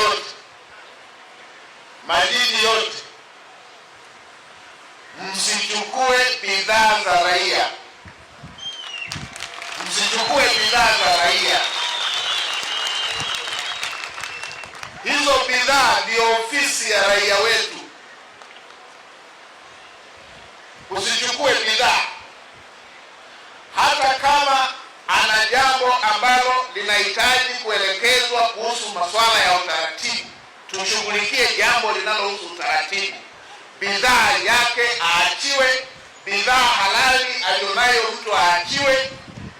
yote, madini yote, msichukue bidhaa za raia, msichukue bidhaa za raia. Hizo bidhaa ndio ofisi ya raia wetu. Usichukue bidhaa, hata kama ana jambo ambalo linahitaji kuelekea kuulizwa kuhusu masuala ya utaratibu, tushughulikie jambo linalohusu utaratibu. Bidhaa yake aachiwe, bidhaa halali aliyonayo mtu aachiwe,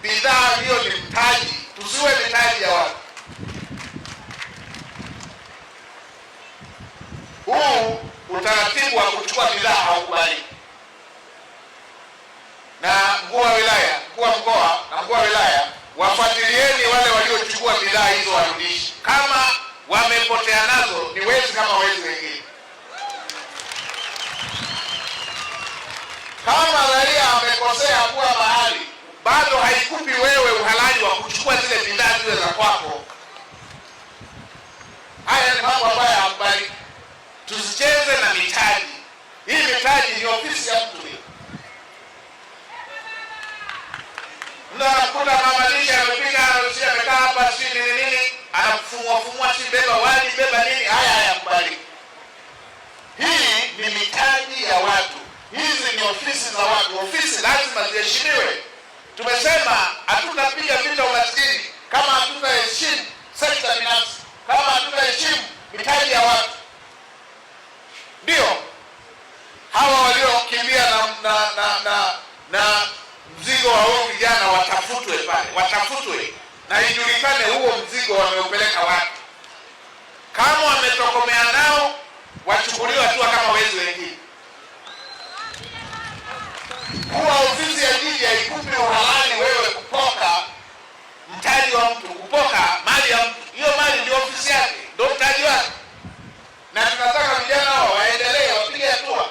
bidhaa hiyo ni mtaji, tusiwe mitaji ya watu. Huu utaratibu wa kuchukua bidhaa haukubaliki na mkuu wa wilaya, mkuu wa mkoa na mkuu wa wilaya wafuatilieni wale waliochukua bidhaa hizo warudishe. Kama wamepotea nazo ni wezi kama wezi wengine. Kama raia amekosea kuwa mahali, bado haikupi wewe uhalali wa kuchukua zile bidhaa zile za kwako. Haya ni mambo ambayo hayakubaliki. Tusicheze na mitaji hii. Mitaji ni ofisi ya mtu. anakuta mama lishe amepika anarusia amekaa hapa si nini nini, anafumua fumua, si beba wali beba nini, haya hayakubali. Hii ni mitaji ya watu, hizi ni ofisi za watu, ofisi lazima ziheshimiwe. Tumesema hatutapiga vita umaskini kama hatutaheshimu mzigo wa huo vijana watafutwe pale, watafutwe na ijulikane huo mzigo wameupeleka wapi. Kama wametokomea nao, wachukuliwe hatua kama wezi wengine. Kuwa ofisi ya jiji haikupi uhalali wewe kupoka mtaji wa mtu, kupoka mali ya mtu. Hiyo mali ndio ofisi yake, ndio mtaji wake, na tunataka vijana hao waendelee, wapige hatua.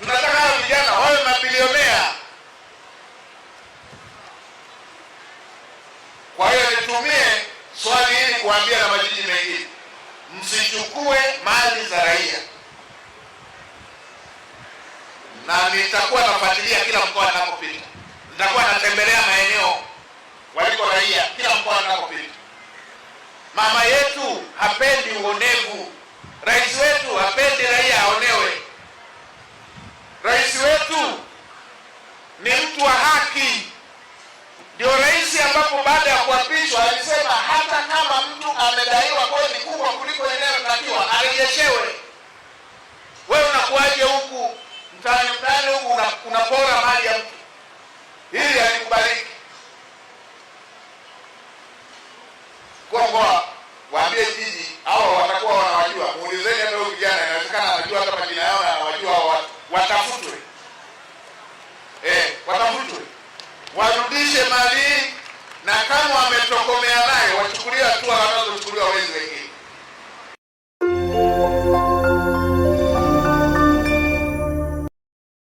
Tunataka hao vijana wawe mabilioni. Kwa hiyo nitumie swali hili kuambia na majiji mengine, msichukue mali za raia, na nitakuwa nafuatilia kila mkoa ninapopita, nitakuwa natembelea maeneo waliko raia kila mkoa ninapopita. Mama yetu hapendi uonevu. baada ya kuapishwa alisema hata kama mtu amedaiwa kodi kubwa kuliko inayotakiwa arejeshewe. Wewe unakuaje huku mtaani mtaani huku unapora mali ya mtu? Hili halikubaliki. Kwa waambie jiji hao, watakuwa wanawajua. Muulizeni hata huyu kijana, inawezekana anajua hata majina yao na anawajua hao. Watafutwe eh, watafutwe, warudishe mali na kama wametokomea naye wachukulia hatua wanazochukuliwa wezi wengine.